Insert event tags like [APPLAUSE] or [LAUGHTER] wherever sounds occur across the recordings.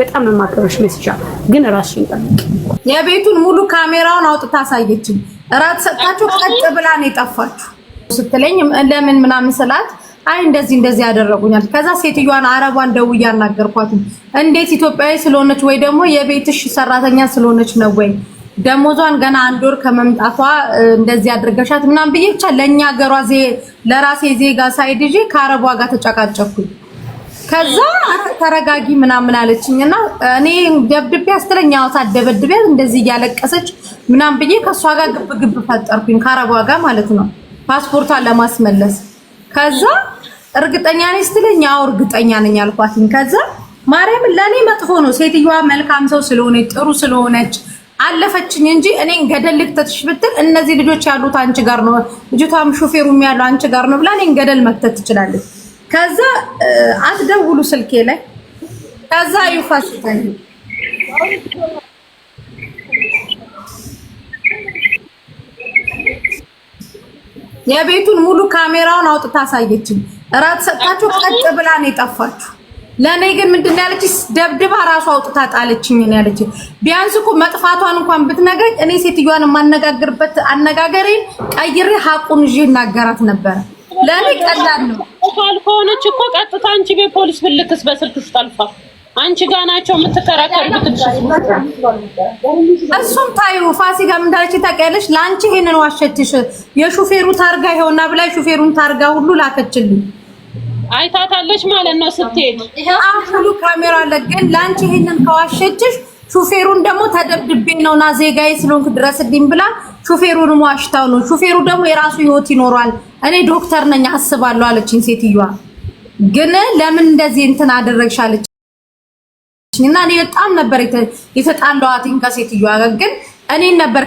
በጣም ነው የማከብርሽ መስጫ፣ ግን ራስሽን ጠብቂ። የቤቱን ሙሉ ካሜራውን አውጥታ አሳየችኝ። እራት ሰጥታችሁ ቀጥ ብላ ነው የጠፋችሁ ስትለኝ ለምን ምናምን ስላት አይ እንደዚህ እንደዚህ ያደረጉኛል። ከዛ ሴትዮዋን አረቧን ደው አናገርኳትም። እንዴት ኢትዮጵያዊ ስለሆነች ወይ ደግሞ የቤትሽ ሰራተኛ ስለሆነች ነው ወይ ደሞዟን ገና አንድ ወር ከመምጣቷ እንደዚህ አድርገሻት ምናምን ብዬ ብቻ ለእኛ ሀገሯ ለራሴ ዜጋ ሳይድ ይዤ ከአረቧ ጋር ተጨቃጨኩኝ። ከዛ ተረጋጊ ምናምን አለችኝ እና እኔ ደብድቤ አስትለኝ ያው ሳደበድቤ እንደዚህ እያለቀሰች ምናምን ብዬ ከእሷ ጋር ግብ ግብ ፈጠርኩኝ ከአረቧ ጋር ማለት ነው ፓስፖርቷን ለማስመለስ ከዛ እርግጠኛ ነኝ ስትለኝ ያው እርግጠኛ ነኝ አልኳትኝ ከዛ ማርያምን ለእኔ መጥፎ ነው ሴትዮዋ መልካም ሰው ስለሆነች ጥሩ ስለሆነች አለፈችኝ እንጂ እኔን ገደል ልክተትሽ ብትል እነዚህ ልጆች ያሉት አንቺ ጋር ነው ልጅቷም ሹፌሩም ያለው አንቺ ጋር ነው ብላ እኔን ገደል መክተት ትችላለች ከዛ አትደውሉ ስልኬ ላይ ከዛ ይፋስተኝ የቤቱን ሙሉ ካሜራውን አውጥታ አሳየችኝ። እራት ሰጣችሁ ቀጥ ብላ ነው የጠፋችሁ። ለእኔ ግን ምንድን ነው ያለች? ደብድባ ራሱ አውጥታ ጣለችኝ ነው ያለች። ቢያንስ እኮ መጥፋቷን እንኳን ብትነግረኝ እኔ ሴትዮዋን የማነጋግርበት አነጋገሬን ቀይሬ ሀቁን ይዤ እናገራት ነበረ። ለኔ ቀላል ነው። ካልሆነች እኮ ቀጥታ አንቺ ቤት ፖሊስ ብልክስ በስልክሽ ጠልፋ አንቺ ጋ ናቸው የምትከራከር እሱም ታዩ ፋሲካ ምን እንዳለች ታውቂያለሽ? ለአንቺ ይሄንን ዋሸችሽ። የሹፌሩ ታርጋ ይኸውና ብላይ ሹፌሩን ታርጋ ሁሉ ላከችልኝ። አይታታለች ማለት ነው ስትሄድ። አሁን ሁሉ ካሜራ አለ። ግን ለአንቺ ይሄንን ከዋሸችሽ ሹፌሩን ደግሞ ተደብድቤ ነው ና ዜጋዬ ስለሆንክ ድረስልኝ ብላ ሹፌሩን ዋሽታው ነው። ሹፌሩ ደግሞ የራሱ ህይወት ይኖሯል። እኔ ዶክተር ነኝ አስባለሁ አለችኝ። ሴትዮዋ ግን ለምን እንደዚህ እንትን አደረግሽ አለችኝ እና እኔ በጣም ነበር የተጣላኋትኝ ከሴትዮዋ ግን እኔ ነበር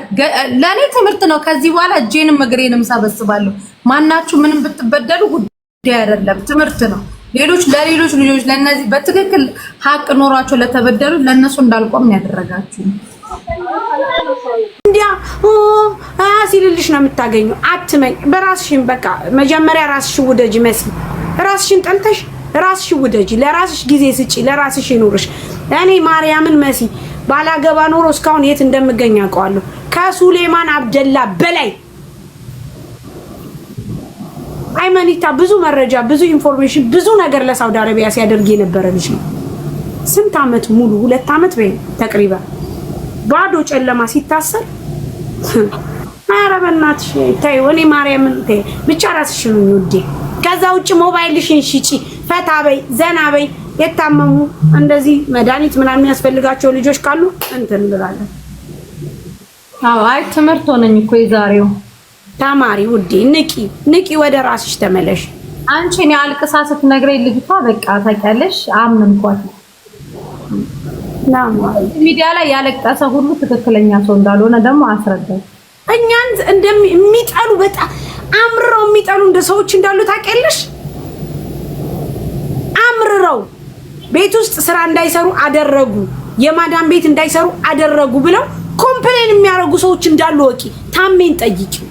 ለእኔ ትምህርት ነው። ከዚህ በኋላ እጄንም እግሬንም ሰበስባለሁ። ማናችሁ ምንም ብትበደሉ ጉዳይ አይደለም፣ ትምህርት ነው። ሌሎች ለሌሎች ልጆች ለነዚህ በትክክል ሀቅ ኖሯቸው ለተበደሩ ለእነሱ እንዳልቆም ያደረጋችሁ እንዲያ ሲልልሽ ነው የምታገኙ። አትመኝ። በራስሽን በቃ መጀመሪያ ራስሽ ውደጅ መስ ራስሽን ጠልተሽ ራስሽ ውደጅ ለራስሽ ጊዜ ስጪ፣ ለራስሽ ይኑርሽ። እኔ ማርያምን መሲ ባላገባ ኖሮ እስካሁን የት እንደምገኝ አውቀዋለሁ። ከሱሌማን አብደላ በላይ አይመኒታ ብዙ መረጃ፣ ብዙ ኢንፎርሜሽን፣ ብዙ ነገር ለሳውዲ አረቢያ ሲያደርግ የነበረ ልጅ ነው። ስንት አመት ሙሉ ሁለት አመት ወይ ተቅሪባ ባዶ ጨለማ ሲታሰር ኧረ [LAUGHS] በእናትሽ ተይ፣ እኔ ማርያምን ተይ ብቻ ራስሽን ውዴ። ከዛ ውጭ ሞባይልሽን ሽጪ፣ ፈታ በይ፣ ዘና በይ። የታመሙ እንደዚህ መድኃኒት ምናምን የሚያስፈልጋቸው ልጆች ካሉ እንትን ብላለን። አዎ አይ ትምህርት ሆነኝ እኮ የዛሬው ተማሪ ውዴ፣ ንቂ ንቂ፣ ወደ ራስሽ ተመለሽ። አንቺ እኔ አልቅሳ ስትነግረኝ ልጅቷ በቃ ታውቂያለሽ፣ አመንኳት። ሚዲያ ላይ ያለቀሰ ሁሉ ትክክለኛ ሰው እንዳልሆነ ደግሞ አስረዳኝ። እኛን እንደሚጠሉ በጣም አምርረው የሚጠሉ እንደ ሰዎች እንዳሉ ታውቂያለሽ። አምርረው ቤት ውስጥ ስራ እንዳይሰሩ አደረጉ፣ የማዳም ቤት እንዳይሰሩ አደረጉ ብለው ኮምፕሌን የሚያደርጉ ሰዎች እንዳሉ ወቂ ታሜን ጠይቂው።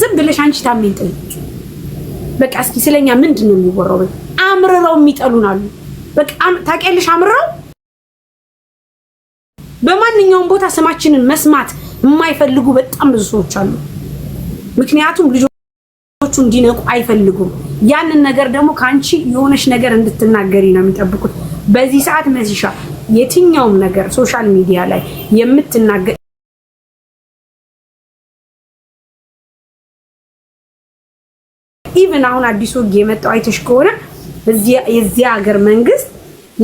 ዝም ብለሽ አንቺ ታሜን ጠይቅ። በቃ እስኪ ስለኛ ምንድን ነው የሚወራው? አምርረው የሚጠሉን አሉ። በቃ ታውቂያለሽ፣ አምርረው በማንኛውም ቦታ ስማችንን መስማት የማይፈልጉ በጣም ብዙ ሰዎች አሉ። ምክንያቱም ልጆቹ እንዲነቁ አይፈልጉም። ያንን ነገር ደግሞ ከአንቺ የሆነች ነገር እንድትናገሪ ነው የሚጠብቁት። በዚህ ሰዓት መሲሻ፣ የትኛውም ነገር ሶሻል ሚዲያ ላይ የምትናገር ኢቭን አሁን አዲሱ ህግ የመጣው አይተሽ ከሆነ የዚህ ሀገር መንግስት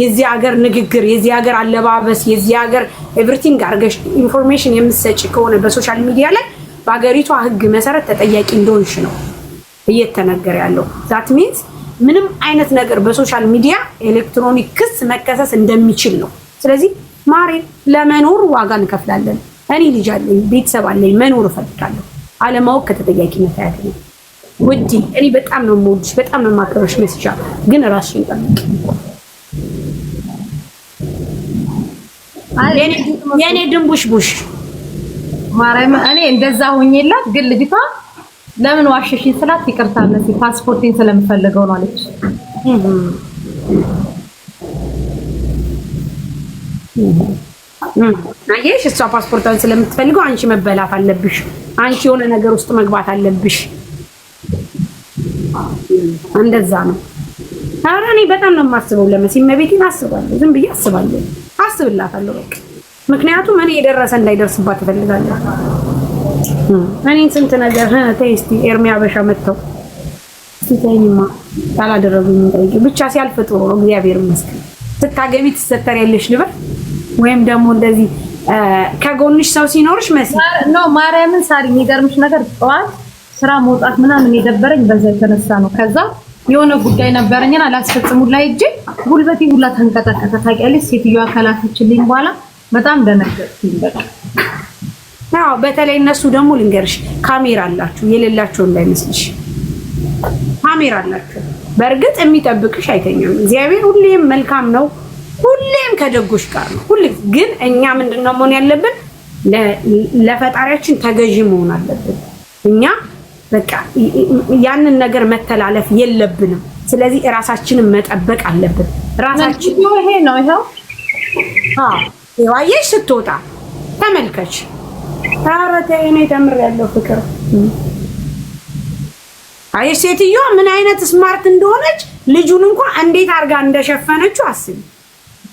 የዚህ ሀገር ንግግር፣ የዚህ ሀገር አለባበስ፣ የዚህ ሀገር ኤቭሪቲንግ አርገሽ ኢንፎርሜሽን የምትሰጪ ከሆነ በሶሻል ሚዲያ ላይ በሀገሪቷ ህግ መሰረት ተጠያቂ እንደሆንሽ ነው እየተነገረ ያለው። ዛት ሚንስ ምንም አይነት ነገር በሶሻል ሚዲያ ኤሌክትሮኒክ ክስ መከሰስ እንደሚችል ነው። ስለዚህ ማሬ ለመኖር ዋጋ እንከፍላለን። እኔ ልጅ አለኝ፣ ቤተሰብ አለኝ፣ መኖር እፈልጋለሁ። አለማወቅ ከተጠያቂነት አያገኝም። ውዴ እኔ በጣም ነው የምወድሽ፣ በጣም ነው የማከብርሽ። መስሻ ግን ራስሽን ጠብቂ። የእኔ ድንቡሽ ቡሽ ማርያም፣ እኔ እንደዛ ሆኜላት፣ ግን ልጅቷ ለምን ዋሸሽኝ ስላት ይቅርታ ነሲ ፓስፖርቴን ስለምፈልገው ነው አለች። አየሽ፣ እሷ ፓስፖርቷን ስለምትፈልገው አንቺ መበላት አለብሽ። አንቺ የሆነ ነገር ውስጥ መግባት አለብሽ። እንደዛ ነው። ኧረ እኔ በጣም ነው የማስበው። ለመሲ እመቤቴን አስባለሁ፣ ዝም ብዬ አስባለሁ፣ አስብላታለሁ በቃ። ምክንያቱም እኔ የደረሰ እንዳይደርስባት እፈልጋለሁ። እኔን ስንት ነገር ተይ እስኪ ኤርሚያ በሻ መጥተው ሲተኝማ ካላደረጉኝ ጠይቂ። ብቻ ሲያልፍ ጥሩ ነው። እግዚአብሔር ይመስገን። ስታገቢ ትሰተር ያለሽ ልበል ወይም ደግሞ እንደዚህ ከጎንሽ ሰው ሲኖርሽ መሲ ኖ ማርያምን ሳሪ የሚገርምሽ ነገር ጠዋት ስራ መውጣት ምናምን የደበረኝ በዛ የተነሳ ነው። ከዛ የሆነ ጉዳይ ነበረኝና ላስፈጽሙ ላይ እጅ ጉልበቴ ሁላ ተንቀጠቀጠ። ታውቂያለሽ፣ ሴትዮዋ አካላቶችልኝ በኋላ በጣም ደነገጥኩኝ። በቃ አዎ። በተለይ እነሱ ደግሞ ልንገርሽ፣ ካሜራ አላችሁ የሌላቸው እንዳይመስልሽ፣ ካሜራ አላችሁ። በእርግጥ የሚጠብቅሽ አይተኛም። እግዚአብሔር ሁሌም መልካም ነው፣ ሁሌም ከደጎች ጋር ነው። ሁሌ ግን እኛ ምንድን ነው መሆን ያለብን? ለፈጣሪያችን ተገዢ መሆን አለብን እኛ በቃ ያንን ነገር መተላለፍ የለብንም። ስለዚህ እራሳችንን መጠበቅ አለብን። ራሳችን ይሄ ነው። ይኸው ዋየሽ ስትወጣ ተመልከች። ኧረ ተይ ተምር ያለው ፍቅር አየሽ፣ ሴትዮዋ ምን አይነት ስማርት እንደሆነች ልጁን እንኳን እንዴት አድርጋ እንደሸፈነችው አስቢ።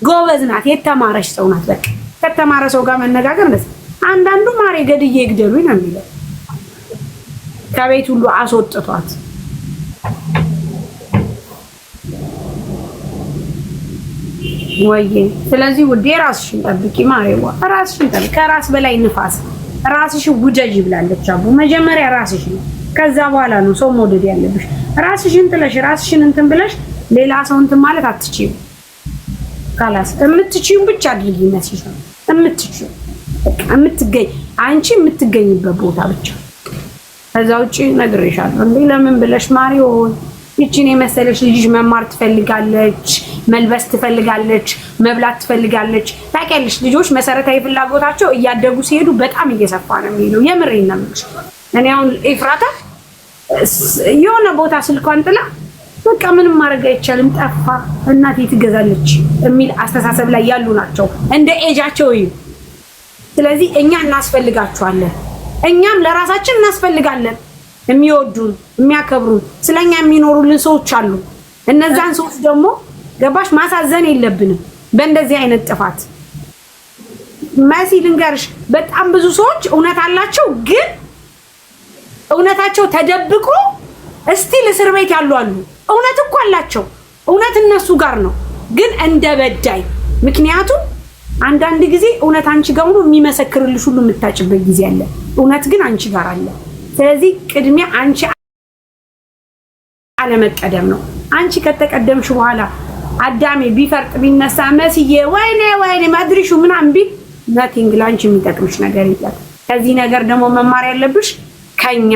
ጎበዝ ናት፣ የተማረች ሰው ናት። በቃ ከተማረ ሰው ጋር መነጋገር ነ አንዳንዱ ማሬ ገድዬ ይግደሉኝ ነው የሚለው ከቤት ሁሉ አስወጥቷት። ወይዬ ስለዚህ ውዴ ራስሽን ጠብቂ፣ ማሬዋ ራስሽን ጠብቂ። ከራስ በላይ ንፋስ ራስሽን ውደጅ ብላለች አቡ። መጀመሪያ ራስሽ ነው፣ ከዛ በኋላ ነው ሰው መውደድ ያለብሽ። ራስሽን ጥለሽ ራስሽን እንትን ብለሽ ሌላ ሰው እንትን ማለት አትችይም። ካላስ የምትችይውን ብቻ አድርጊ ይመስልሻል። የምትችይው የምትገኝ አንቺ የምትገኝበት ቦታ ብቻ ከዛ ውጭ ነግሬሻለሁ። እንዴ ለምን ብለሽ ማሪ ሆን ይችን የመሰለች ልጅሽ መማር ትፈልጋለች፣ መልበስ ትፈልጋለች፣ መብላት ትፈልጋለች። ታውቂያለሽ ልጆች መሰረታዊ ፍላጎታቸው እያደጉ ሲሄዱ በጣም እየሰፋ ነው የሚለው። የምሬን ነው የምልሽ። እኔ አሁን ኤፍራታ የሆነ ቦታ ስልኳን ጥላ በቃ ምንም ማድረግ አይቻልም ጠፋ እናቴ ትገዛለች የሚል አስተሳሰብ ላይ ያሉ ናቸው። እንደ ኤጃቸው ስለዚህ እኛ እናስፈልጋችኋለን እኛም ለራሳችን እናስፈልጋለን። የሚወዱን የሚያከብሩን፣ ስለኛ የሚኖሩልን ሰዎች አሉ። እነዛን ሰዎች ደግሞ ገባሽ ማሳዘን የለብንም በእንደዚህ አይነት ጥፋት። መሲ ልንገርሽ፣ በጣም ብዙ ሰዎች እውነት አላቸው፣ ግን እውነታቸው ተደብቆ እስቲል እስር ቤት ያሉ አሉ። እውነት እኮ አላቸው፣ እውነት እነሱ ጋር ነው፣ ግን እንደ በዳይ ምክንያቱም አንዳንድ ጊዜ እውነት አንቺ ጋር ሆኖ የሚመሰክርልሽ ሁሉ የምታጭበት ጊዜ አለን። እውነት ግን አንቺ ጋር አለ። ስለዚህ ቅድሚያ አንቺ አለመቀደም ነው። አንቺ ከተቀደምሽ በኋላ አዳሜ ቢፈርጥ ቢነሳ መስዬ ወይኔ ወይኔ መድሪሹ ምናምን ቢል ነቲንግ ላንቺ የሚጠቅምሽ ነገር የለም። ከዚህ ነገር ደግሞ መማር ያለብሽ ከኛ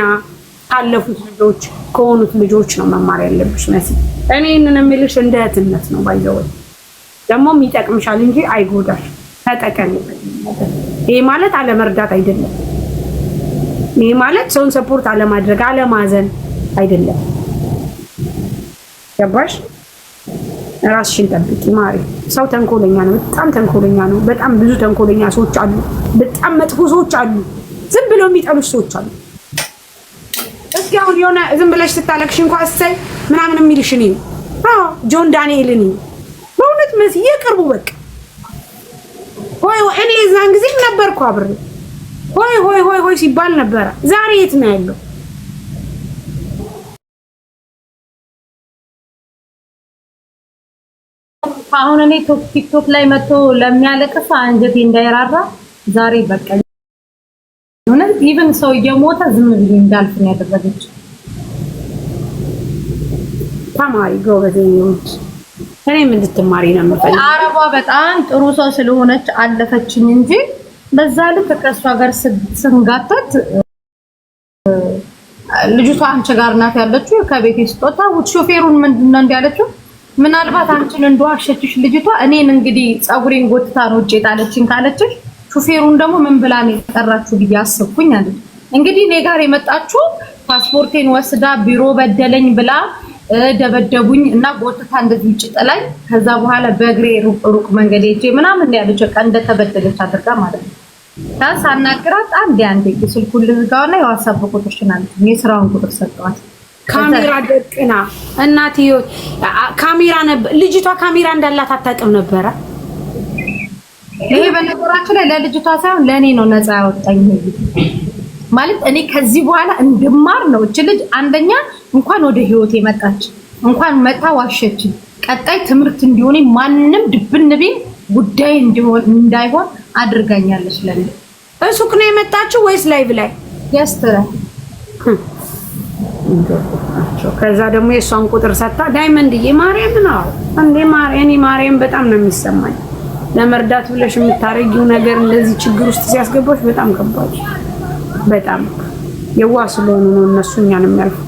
ካለፉት ልጆች ከሆኑት ልጆች ነው መማር ያለብሽ። መሲ እኔ ይህንን የሚልሽ እንደ እህትነት ነው። ባይዘወ ደግሞም ይጠቅምሻል እንጂ አይጎዳሽ። ተጠቀሚ። ይህ ማለት አለመርዳት አይደለም። ይህ ማለት ሰውን ሰፖርት አለማድረግ አለማዘን አይደለም። ገባሽ? ራስሽን ጠብቂ ማሪ። ሰው ተንኮለኛ ነው፣ በጣም ተንኮለኛ ነው። በጣም ብዙ ተንኮለኛ ሰዎች አሉ፣ በጣም መጥፎ ሰዎች አሉ፣ ዝም ብለው የሚጠሉሽ ሰዎች አሉ። እስኪ አሁን የሆነ ዝም ብለሽ ስታለቅሽ እንኳ እሰይ ምናምን የሚልሽ እኔ ነው ጆን ዳንኤል እኔ በእውነት መስ የቅርቡ በቃ ወይ እኔ የዛን ጊዜ ነበርኩ አብሬ ሆይ ሆይ ሆይ ሆይ ሲባል ነበረ። ዛሬ የት ነው ያለው? አሁን እኔ ቲክቶክ ላይ መጥቶ ለሚያለቅስ አንጀቴ እንዳይራራ ዛሬ በቃ እውነት ኢቭን ሰው እየሞተ ዝም ብዬ እንዳልፍ ነው ያደረገች። ተማሪ ጎበዜ እኔም እንድትማሪ ነው የምፈልገው። አረቧ በጣም ጥሩ ሰው ስለሆነች አለፈችኝ እንጂ በዛ ልክ ከእሷ ጋር ስንጋተት ልጅቷ አንቺ ጋር ናት ያለችው። ከቤት ስትወጣ ሾፌሩን ምንድን ነው እንዲህ ያለችው? ምናልባት አንቺን እንደዋሸችሽ ልጅቷ እኔን እንግዲህ ፀጉሬን ጎትታ ነው ውጭ የጣለችኝ ካለችሽ፣ ሾፌሩን ደግሞ ምን ብላ ነው የጠራችሁ ብዬ አስብኩኝ አለ። እንግዲህ እኔ ጋር የመጣችሁ ፓስፖርቴን ወስዳ ቢሮ በደለኝ ብላ ደበደቡኝ እና ጎትታ እንደዚህ ውጭ ጥላኝ፣ ከዛ በኋላ በእግሬ ሩቅ ሩቅ መንገድ ሄጄ ምናምን ያለችው ቀን እንደተበደለች አድርጋ ማለት ነው። ሳናግራት አንድ አንድ ስልኩን ልዝጋውና የዋትሳፕ ቁጥር ሽናለች የስራውን ቁጥር ሰጠዋት። ካሜራ ደቅና እናትዮ ካሜራ ነበር ልጅቷ ካሜራ እንዳላት አታውቅም ነበረ። ይሄ በነገራችን ላይ ለልጅቷ ሳይሆን ለእኔ ነው ነፃ ያወጣኝ። ማለት እኔ ከዚህ በኋላ እንድማር ነው። እች ልጅ አንደኛ እንኳን ወደ ህይወት የመጣች እንኳን መጣ ዋሸች። ቀጣይ ትምህርት እንዲሆን ማንም ድብን ቢል ጉዳይ እንዳይሆን አድርጋኛለች። ለምን ሱቅ ነው የመጣችው ወይስ ላይቭ ላይ ያስተራ? ከዛ ደግሞ የእሷን ቁጥር ሰጥታ ዳይመንድዬ ማርያም ነው እንዴ? ማርያም ማርያም በጣም ነው የሚሰማኝ ለመርዳት ብለሽ የምታረጊው ነገር እንደዚህ ችግር ውስጥ ሲያስገባሽ በጣም ከባድ፣ በጣም የዋ ስለሆኑ ነው እነሱ እኛን የሚያልፉ።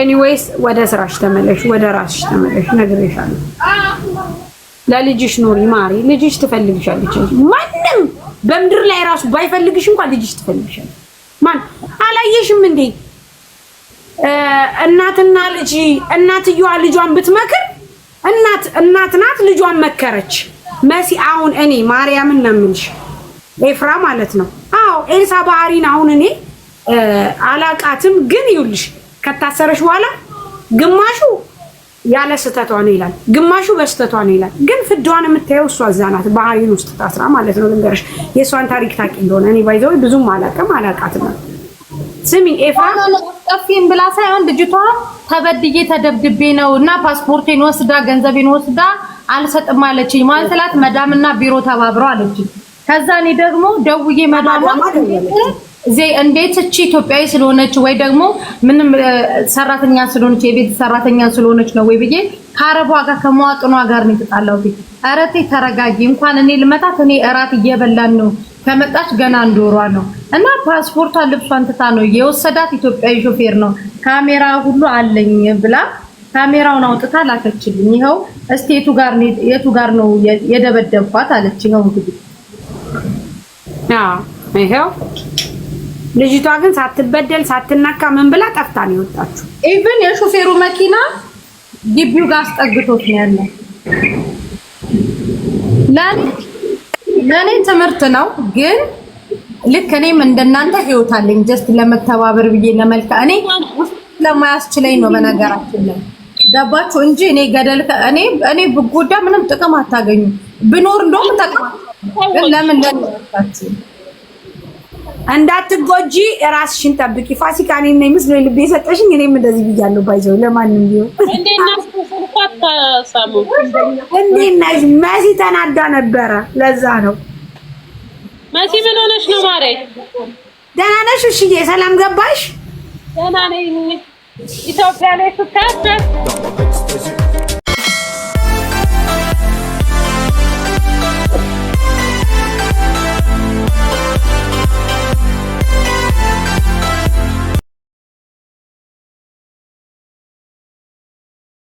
ኤኒዌይስ ወደ ስራሽ ተመለሽ፣ ወደ ራስሽ ተመለሽ። ነግሬሻለሁ። ለልጅሽ ኖሪ ማሪ፣ ልጅሽ ትፈልግሻለች። ማንም በምድር ላይ ራሱ ባይፈልግሽ እንኳን ልጅሽ ትፈልግሻለች። ማን አላየሽም እንዴ? እናትና ልጅ እናትየዋ ልጇን ብትመክር እናት እናት ናት፣ ልጇን መከረች። መሲ አሁን እኔ ማርያምን ነው የምልሽ፣ ኤፍራ ማለት ነው። አዎ ኤልሳ ባህሪን አሁን እኔ አላቃትም፣ ግን ይውልሽ ከታሰረሽ በኋላ ግማሹ ያለ ስህተቷ ነው ይላል፣ ግማሹ በስህተቷ ነው ይላል። ግን ፍዳዋን የምታየው እሷ እዛ ናት፣ በአይን ውስጥ ታስራ ማለት ነው። ልንገርሽ የእሷን ታሪክ ታውቂ እንደሆነ እኔ ባይዘ ብዙም አላውቅም አላውቃትም። ስሚ ኤፍራም ብላ ሳይሆን ልጅቷ ተበድዬ ተደብድቤ ነው እና ፓስፖርቴን ወስዳ ገንዘቤን ወስዳ አልሰጥም አለችኝ ማለት መዳምና ቢሮ ተባብረው አለችኝ። ከዛ እኔ ደግሞ ደውዬ መዳማ እዚህ እንዴት እቺ ኢትዮጵያዊ ስለሆነች ወይ ደግሞ ምንም ሰራተኛ ስለሆነች የቤት ሰራተኛ ስለሆነች ነው ወይ ብዬ ከአረቧ ጋር ከመዋጥኗ ጋር ነው የተጣላሁት። ኧረ ተይ ተረጋጊ። እንኳን እኔ ልመጣት እኔ እራት እየበላን ነው። ከመጣች ገና አንድ ነው እና ፓስፖርቷን ልብሷን ትታ ነው የወሰዳት። ኢትዮጵያዊ ሾፌር ነው። ካሜራ ሁሉ አለኝ ብላ ካሜራውን አውጥታ ላከችልኝ። ይኸው እስቲ የቱ ጋር ነው የቱ ጋር ነው የደበደብኳት አለች። ይኸው እንግዲህ ይኸው ልጅቷ ግን ሳትበደል ሳትናካ ምን ብላ ጠፍታ ነው የወጣችሁ። ኢቭን የሾፌሩ መኪና ግቢው ጋር አስጠግቶት ነው ያለው። ለኔ ለኔ ትምህርት ነው። ግን ልክ እኔም እንደናንተ ህይወት አለኝ። ጀስት ለመተባበር ብዬ ለመልካ እኔ ለማያስችለኝ ነው በነገራችን ላይ ገባችሁ እንጂ እኔ ገደል እኔ እኔ ብጎዳ ምንም ጥቅም አታገኙ። ብኖር እንደውም ጠቅማ ለምን ለምን እንዳትጎጂ ራስሽን ጠብቂ። ፋሲካ እኔ ነኝ ምስሎ ልቤ የሰጠሽኝ እኔም እንደዚህ ብያለሁ። ባይዘው ለማንም ቢሆን እንዴት ነሽ መሲ? ተናዳ ነበረ። ለዛ ነው መሲ። ምን ሆነሽ ነው ማሬ? ደህና ነሽ? እሽዬ ሰላም ገባሽ? ደህና ነኝ። ኢትዮጵያ ላይ ስታበ